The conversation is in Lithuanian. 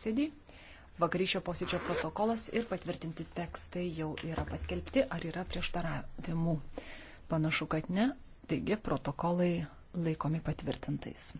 posėdį. Vakaryšio posėdžio protokolas ir patvirtinti tekstai jau yra paskelbti, ar yra prieštaravimų. Panašu, kad ne, taigi protokolai laikomi patvirtintais.